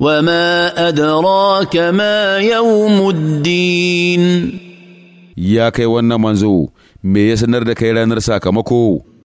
وما أدراك ما يوم الدين يا كي وانا منزو me ya sanar da kai ranar